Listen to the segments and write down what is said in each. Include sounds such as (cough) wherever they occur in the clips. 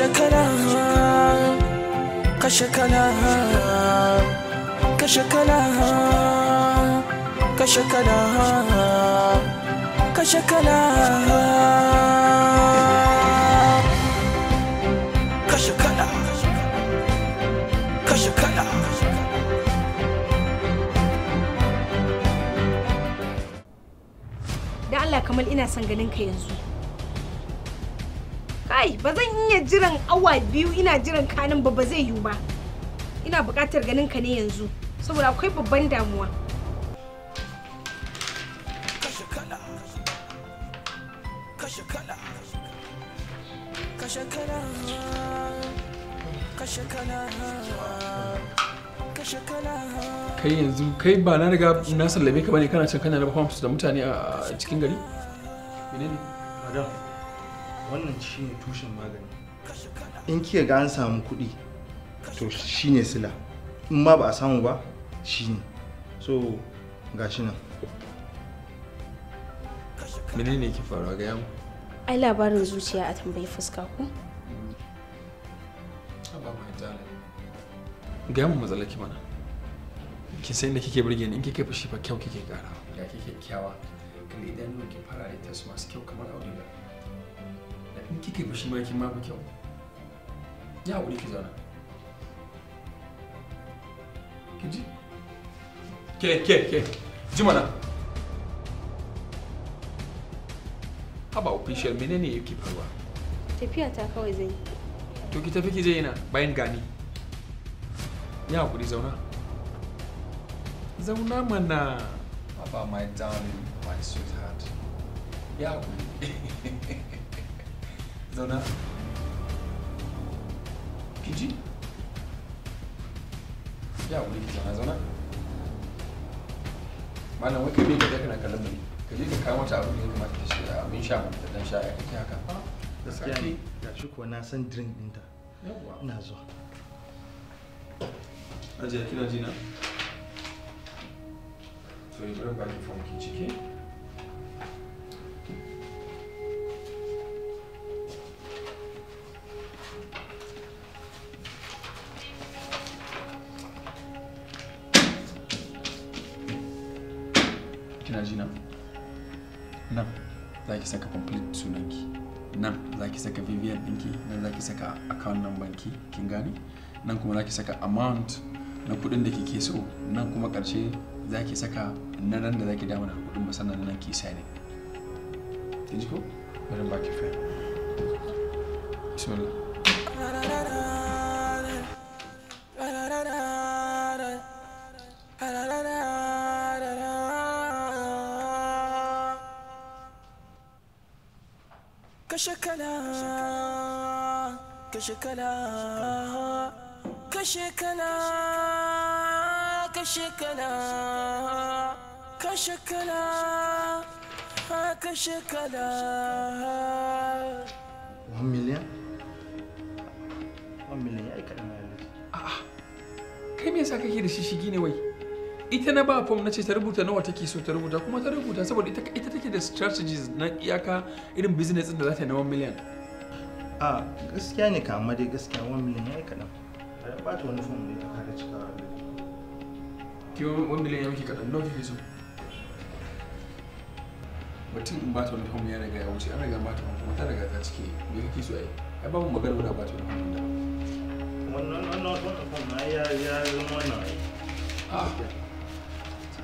kashakala kashakala kashakala kashakala kashakala kashakala kashakala da Allah kamar ina son ganin ka yanzu Kai, ba zan iya jiran awa biyu ina jiran kanin ba ba zai yiwu ba. Ina buƙatar ganin ka ne yanzu, saboda akwai babban damuwa. kai yanzu kai ba na riga na sallame ka bane kana can kana raba su da mutane a cikin gari menene madam wannan shine tushen magani in kika ga an samu kuɗi to shine sila in ma ba a samu ba shine so ga shi nan ne ki faruwa ga yamu ai labarin zuciya a tambayi fuska ku ga yamu matsala ki mana ki san da kike birge ni in kike fushi fa kyau kike kara ya kike kyawa kuma idan nuna ki fara da tasu masu kyau kamar auduga que fushi ma kin ma ku kyau ya hakuri que zauna Que di? Que, que, que? ji mana haba official menene yake faruwa tafiya ta kawai zai to ki tafi ki je yana bayan gani ya hakuri zauna Zona, mana haba my darling my sweetheart ya hakuri (laughs) zona. Kiji? Ya wuri ki zauna zauna. Malam wai kai me kaje kana kallon mu Ka je ka kawo mata abin da ya kamata ta shi abin ah, sha mata dan sha ya kake haka. Ah, gaskiya ne. Ga shi kuwa na san drink ɗinta. Yawwa. Ina zuwa. Ajiya kina ji na? To yi bari ba ki fom ciki. kina nan nan za ki saka complete sunanki nan za ki saka vvn ɗinki nan za ki saka account number ki kin gane nan kuma za ki saka amount na kuɗin da kike so nan kuma ƙarshe za ki saka na ran da za ki damu da kuɗin sannan nan ki kin ji ko bari ba ki fa kashe kala kashe kala kashe kala kashe kala kashe kala kashe one million one million ya aika a'a kai me yasa kake da shishigi ne wai ita na ba form na ce ta rubuta nawa take so ta rubuta kuma ta rubuta saboda ita ita take da strategies na iyaka irin business din da za ta yi na 1 million a gaskiya ne ka amma dai gaskiya 1 million yayi kadan a ba ta wani form ne ta kare cikawa ki 1 million ya miki kadan nawa kike so mutum in ba ta wani form ya riga ya wuce an riga ba ta wani form ta riga ta cike me kike so ai ai babu magana wanda ba ta wani form da wannan wannan wannan form ya ya zama wannan ai ah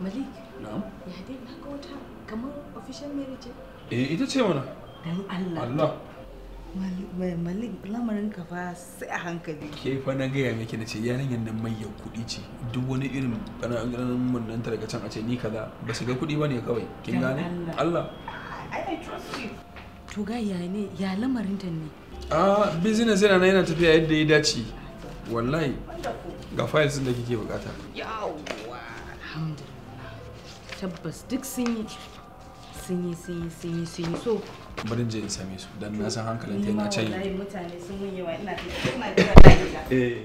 Malik. Na'am. Ya daina na ga wata kamar official marriage. Eh ita ce mana. Dan Allah. Allah. Malik lamarin ka fa sai a hankali. Ke fa na gaya miki na ce yarinyar nan mai yau kuɗi ce duk wani irin kana ƙananan munnan daga can a ce ni kaza ba su ga kuɗi ba ne kawai kin gane Allah. I trust you. To ga ya ne ya lamarin ta ne. Ah business yana yana tafiya yadda ya dace wallahi ga files din da kike bukata. Ya tabbas duk sun yi sun yi sun yi sun yi sun yi so bari je in same su dan na san hankalin ta yana cayi wallahi mutane sun mun yawa ina ina jira da gida eh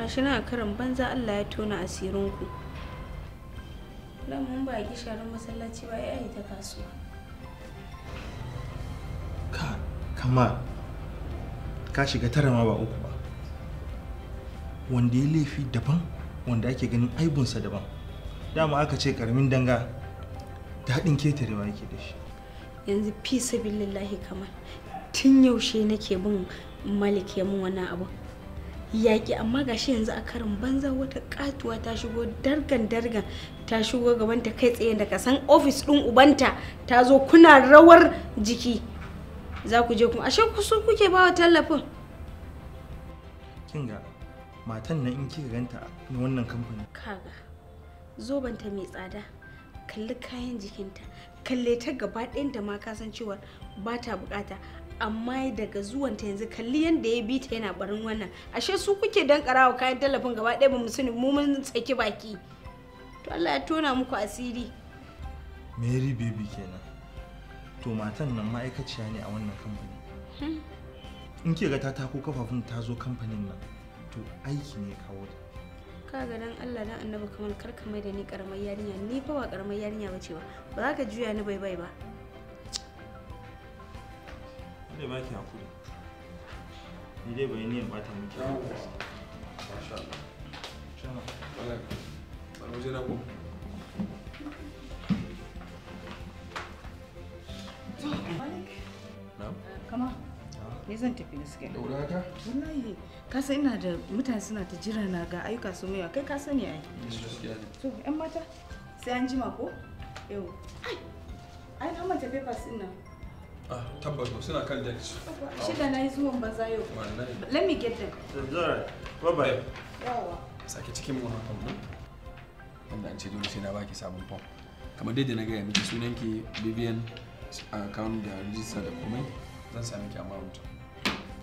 gashi na karan banza Allah ya tona asirin ku mun ba gisharin masallaci ba yayi ta kasuwa ka kama ka shiga tarama ba uku wanda ya laifi daban wanda ake ganin aibunsa daban dama aka ce karamin danga da haɗin ketarewa yake da shi yanzu fi sabilillahi kamar tun yaushe nake bin malik ya mun wani abu yaƙi amma gashi yanzu a karin banza wata katuwa ta shigo dargan dargan ta shigo gaban ta kai tsaye daga san ofis ɗin ubanta ta zo kuna rawar jiki za ku je kuma ashe ku so kuke bawa tallafin kinga matan nan in kika ganta na wannan kamfanin kaga zobanta mai tsada kalli kayan jikinta kalli ta gaba ɗayan da ma kasan cewa ba ta bukata amma daga zuwanta yanzu kalli yadda ya bi ta yana barin wannan ashe su kuke dan karawa kayan tallafin gaba ɗaya ba mu sani mu mun tsaki baki to Allah ya tona muku asiri Mary baby kenan to matan nan ma'aikaciya ne a wannan kamfani hmm. in ke ga ta tako kafafun ta zo kamfanin nan to aiki ne ya kawo ta ga dan Allah dan annabi kamar karka mai da ni karamar yarinya ni fa ba karamar yarinya ba ce ba ba za ka juya ni bai bai ba ne ba ki hakuri ni dai bai niyan bata miki masha Allah shana alaikum sanu jira ko Come on. ne zan tafi gaskiya daura ta? wallahi ka san ina da mutane suna ta jira na ga ayyuka su mai kai ka sani ai to yan mata sai an jima ko yau ai ai an mata papers din nan ah tabbas suna kan desk shi da nayi zuwan banza yau let me get them zara bye bye yawa sake cikin mu hakan nan wanda an ce dole sai na baki sabon form kamar dai da na gaya miki sunanki Vivian account da register da komai zan sami ki a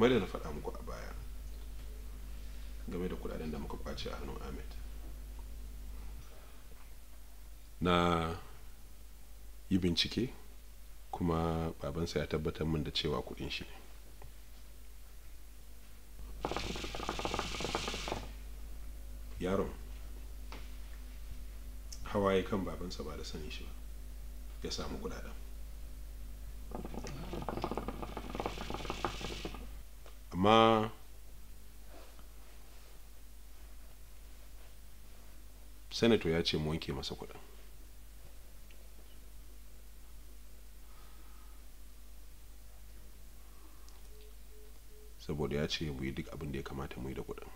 kamar da na faɗa muku a baya game da kudaden da muka kwace a hannun ahmed na yi bincike kuma babansa ya tabbatar min da cewa kudin shi ne yaron hawaye kan babansa ba da sani shi ba ya samu kudaden amma senato ya ce mu wanke masa kudin saboda ya ce mu yi duk abin da ya kamata mu yi da kudin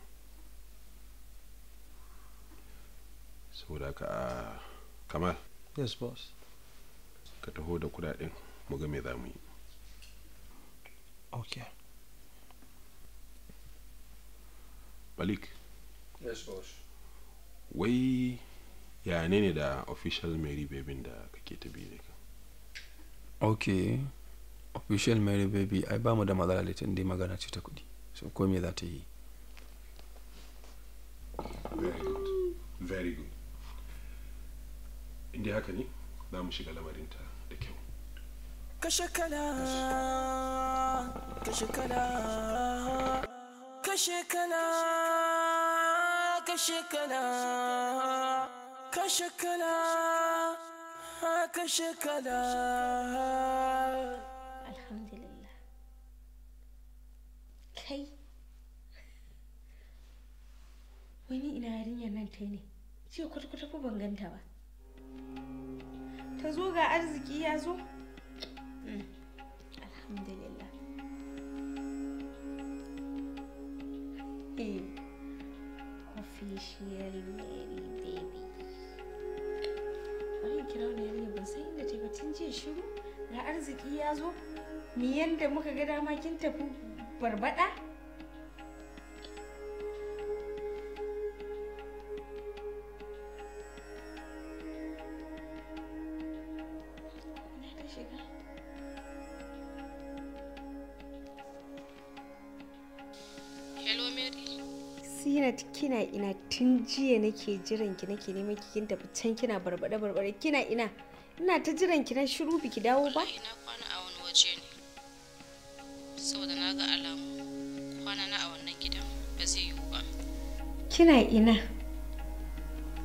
saboda ka a kamal yes boss ka taho da kudaden mu ga me za mu yi okay balik yes boss wai ya ne ne da official mary baby da kake ta biyu ka ok official mary baby ai ba mu da matsala litin dai magana ce ta kudi so ko me za ta yi very good very good inda haka ne za mu shiga lamarinta da kyau kashe kala kashe kala kashe kana kashe kana kashe kana kashe kana alhamdulillah kai wani ina yarinyar nan ta ne ce kwata-kwata ko ban ganta ba ta zo ga arziki ya zo mm. alhamdulillah official Mary baby bari kira wani yarinya ban san inda ta tun jiya shiru ga arziki ya zo mi yanda muka ga dama kin tafi barbada kina kina ina tun jiya nake jiran ki nake neman ki kin tafi can kina barbada barbada kina ina ina ta jiran ki na shiru biki dawo ba ina kwana a wani waje ne saboda na ga alamu kwana na a wannan gidan ba zai yiwu ba kina ina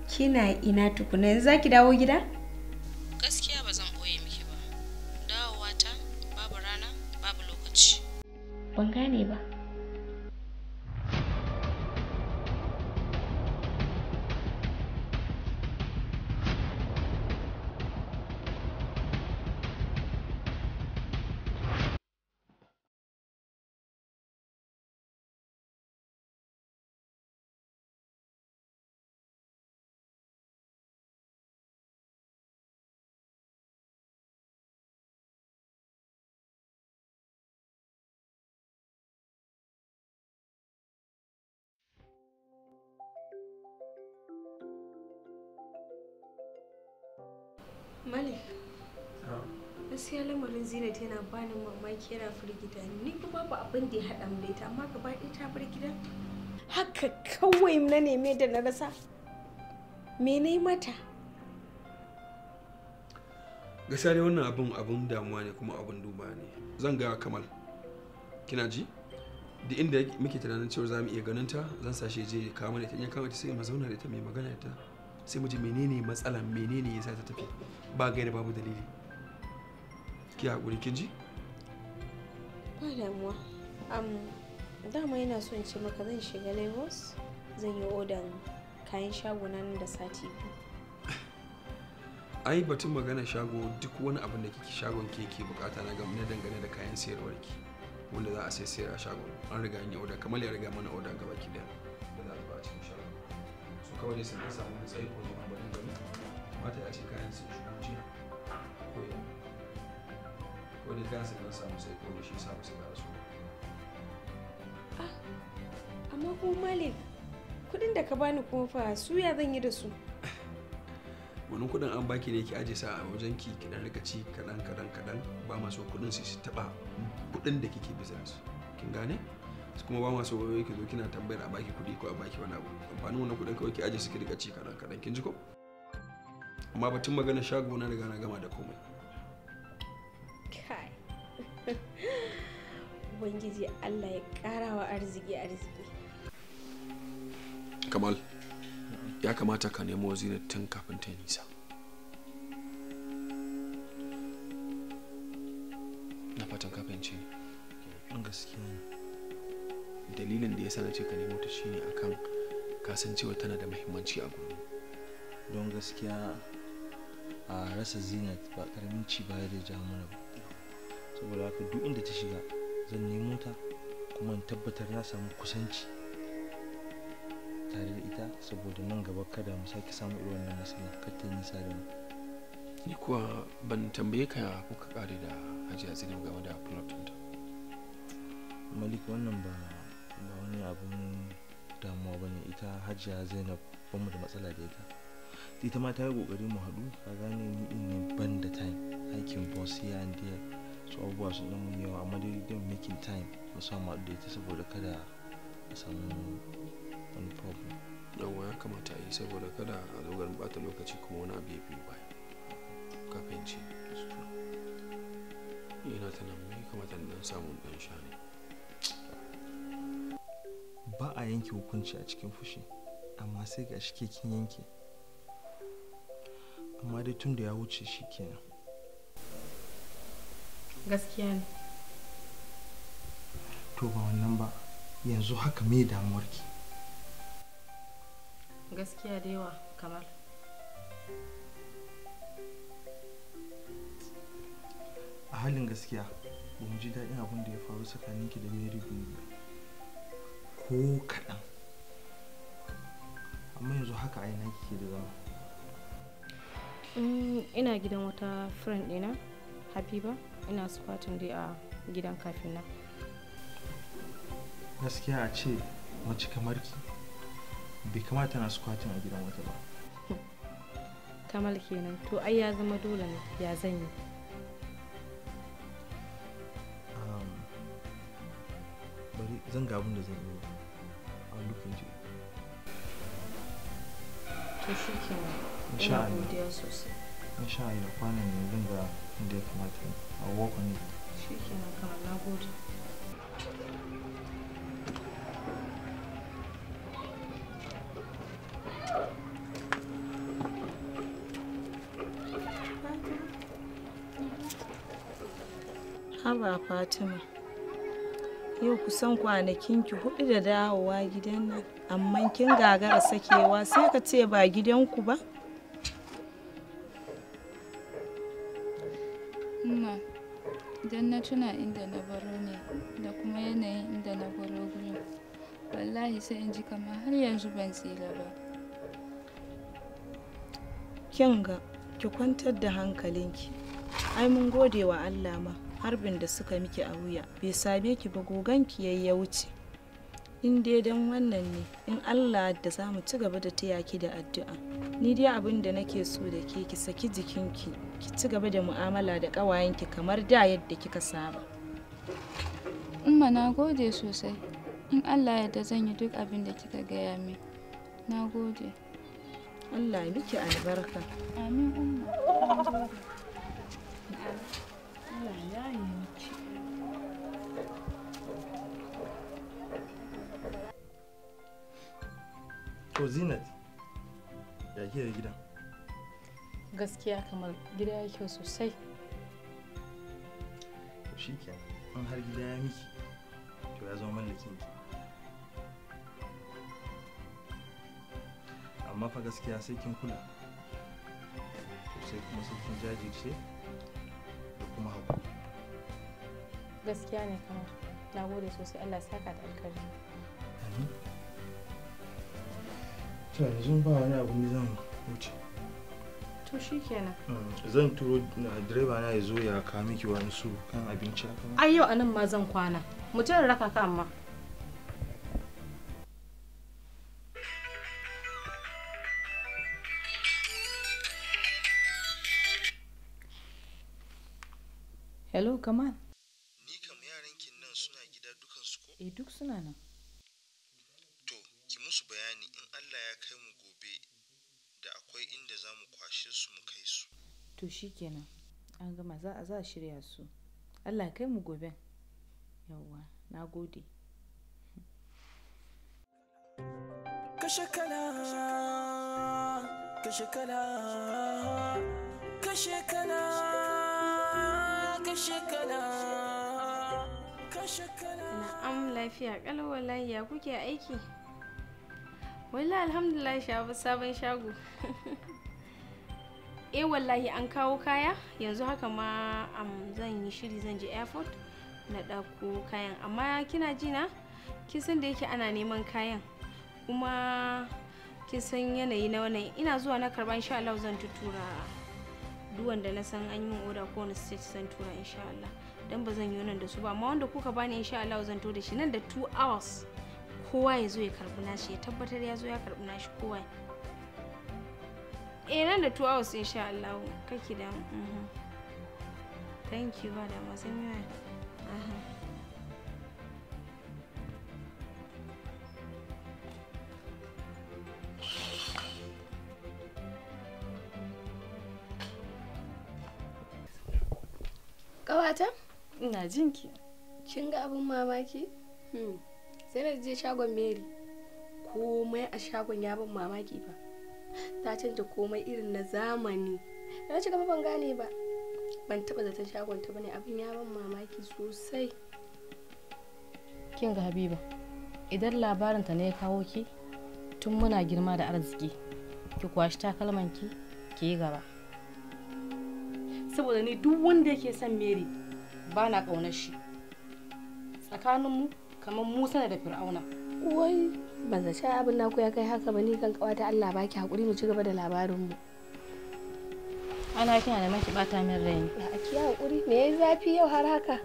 kina ina tukuna yanzu zaki dawo gida Malik. Ah. Gaskiya lamarin Zinat yana bani mamaki yana firgita ni kuma babu abin da ya haɗa mu da ita amma gaba ɗaya ta bar gida. Haka kawai na neme da na rasa. Me na mata? gasa dai wannan abin abin damuwa ne kuma abin duba ne. Zan ga Kamal. Kina ji? Da inda muke tunanin cewa za mu iya ganin ta zan sashe je kawo mana ita in ya kama ta sai mu zauna da ita mai magana da ta. sai mu ji menene matsalan menene yasa ta tafi ba gaira babu dalili ki hakuri kin ji ba damuwa um, dama yana so in ce maka zan shiga lagos zan yi odan kayan shagona nan da sati biyu ai batun magana shago duk wani abin da kike shagon ke ke bukata na gamna dangane da kayan sayarwar ki wanda za a sai sayar a shagon an riga an yi oda kamar ya riga mana oda gaba ki da za a ba cikin shagon su kawai dai sun samu matsayi ko zama a barin gari mata a ce kayan su shigo jiya ko yau ko dai kayan su kan samu tsaiko ne shi sa su gara su ah, amma ko malik kudin da ka bani kuma fa suya zan yi da su wani kudin an baki ne ki aje sa a wajen ki ki dan rika ci kadan kadan kadan ba ma so kudin su taba kudin da kike bisa su kin gane kuma ba masu wayoyi ka zo kina tambayar a baki kuɗi ko a baki wani abu amfanin wannan kudin kawai ki aje su ke rika ci kadan kaɗan kin ji ko amma batun magana shago na riga na gama da komai kai (laughs) ubangiji Allah ya kara wa arziki arziki kamal ya kamata ka nemo wazina tun kafin ta nisa na fatan ka fahimce gaskiya ne dalilin da ya sa na ce ka nemo ta shine akan kasancewa tana da mahimmanci a gurin don gaskiya a rasa zinat ba karamin ci baya da jamuna mana ba saboda haka duk inda ta shiga zan nemo ta kuma in tabbatar na samu kusanci tare da ita saboda nan gaba kada mu sake samu irin wannan matsala kar ta nisa da ni kuwa ban tambaye ka ko kare da hajiya zinat game da plot ɗinta malik wannan ba ba wani abun damuwa ba ne ita hajiya zainab ban mu da matsala da ita ita ma ta yi kokari mu haɗu ka gane ni in ne ban da time aikin boss ya and there su abubuwa sun ɗan yawa amma dai don making time mu samu haɗu da ita saboda kada a samu wani problem yawwa ya kamata a yi saboda kada a dogarin bata lokaci kuma wani abu ya biyu baya ka fahimci ina tunanin mai kamata na ɗan samun ɗan shani ba a yanke hukunci a cikin fushi amma sai ga shi kin yanke amma dai tun da ya wuce shi kenan gaskiya ne to ba wannan ba yanzu haka damuwar damuwarki gaskiya da yawa kamar a halin gaskiya ba mu ji daɗin abin da ya faru tsakaninki da mary biyu ko kaɗan amma yanzu haka aina kike da zama mm, ina gidan wata friend ɗina habiba ina sufatin dai a gidan kafin na gaskiya a ce mace kamar ki bai kamata na sufatin a gidan wata ba kamal kenan to ai ya zama dole ne ya zanyi. zan ga abin da zan yi a lukin ji to shi ke ya sosai sosai sha Allah kwanan ne zan ga inda ya kamata a wakon ne shi ke nan kama na gode Haba Fatima. yau kusan kwanakin ki hudu da dawowa gidan nan amma kin gagara sakewa sai ka ce ba gidanku ba Umma, idan na tuna inda na baro ne da kuma yanayin inda na baro gurin wallahi sai in ji kamar har yanzu ban tsira ba kin ga ki kwantar da hankalinki ai mun gode wa allah ma harbin da suka miki a wuya bai same ki ba gogan ki ya wuce in dai dan wannan ne in allah da za mu ci gaba da taya ki da addu'a ni dai abin da nake so da ke ki saki jikinki ki ci gaba da mu'amala da ƙawayenki kamar da yadda kika saba umma na gode sosai in allah yadda zan yi duk abin da kika gaya min na gode allah ya miki albarka amin umma To Zinat, ya ke da gidan? Gaskiya kamar gida ya kyau sosai. To shi in har gida ya miki, to ya zama mallakin ki. Amma fa gaskiya sai kin kula, sai kuma sai kin jajirce. kuma hagu gaskiya ne kuma na gode sosai allah saka da alkari to yanzu ba wani abu ne zan wuce to shi kenan mm, zan turo na direba na ya zo ya kawo miki wani su kan abinci a ai yau anan ma zan kwana mutum raka ka amma hello kamal ni kam kin nan suna gida dukansu ko eh duk suna nan to ki musu bayani in allah ya kai mu gobe da akwai inda za mu kwashe su mu kai su to shikenan an gama za a za a shirya su allah ya kai mu gobe yawwa na gode kashe kala kashe kala kashe kala lafiya kalau ya kuke aiki wala alhamdulillah shabu sabon shago (laughs) eh wallahi an kawo kaya yanzu haka ma am zan yi shiri zan je airport na ɗauko kayan amma kina ji na kin san da yake ana neman kayan kuma kin san yanayi na wannan ina zuwa na karba insha Allah zan tutura duwan da na san an yi min oda ko wani state zan tura insha Allah dan ba zan yi nan da su ba amma wanda kuka bani insha Allah zan to da shi nan da 2 hours kowa ya zo ya karbi nashi ya tabbatar ya zo ya karbi nashi kowa eh nan da 2 hours insha Allah kake da mhm. thank you ba da mazan yawa jinki kin ga abin mamaki hmm. sai na je shagon mary komai a shagon ya ban mamaki ba ta canja komai irin na zamani na ci gaba ban gane ba ban taba zaton shagon ta bane abin ya ban mamaki sosai kin ga habiba idan labarin ta ne ya kawo ki tun muna girma da arziki ki kwashi takalman ki ki yi gaba saboda ni duk wanda yake son mary bana na ƙaunar shi tsakaninmu kamar musa da fir'auna wai ban zace abin naku ya kai haka ba ni kan ƙawata Allah baki hakuri mu ci gaba da labarin mu ana kina da maki bata min rai ne a kiya hakuri me yayi zafi yau har haka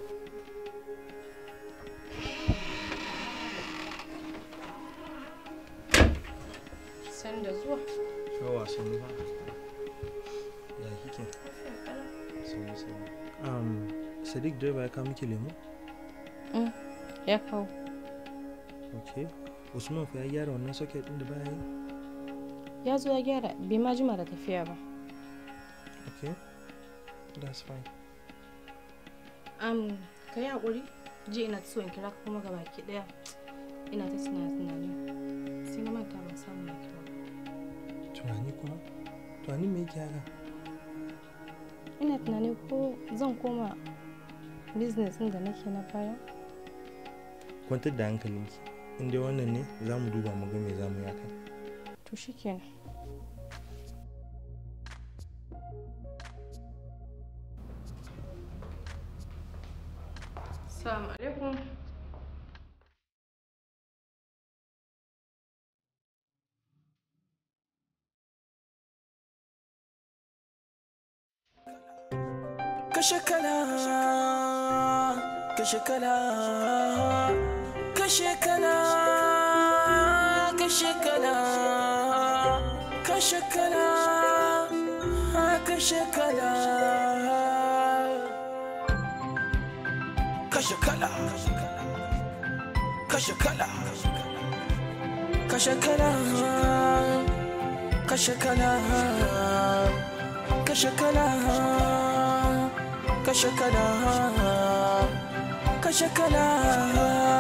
de sadiq direba ya kawo miki lemu? Mm, ya kawo ok usman fa ya gyara wannan socket din da baya yi ya zo ya gyara bai ma jima da tafiya ba ok that's fine um ka yi haƙuri ji ina ta so in kira kuma ga baki ɗaya ina ta tunani sai na manta ban samu na kira tunani kuma tunani ina tunanin ko zan koma business ɗin da nake na baya kwantar da hankalinki inda wannan ne za mu duba mu ga me za mu yi akai to shikenan كشكلا كشكلا كشكلا كشكلا كشكلا كشكلا كشكلا كشكلا كشكلا كشكلا كشكلا كشكلا kashe kala kashe kala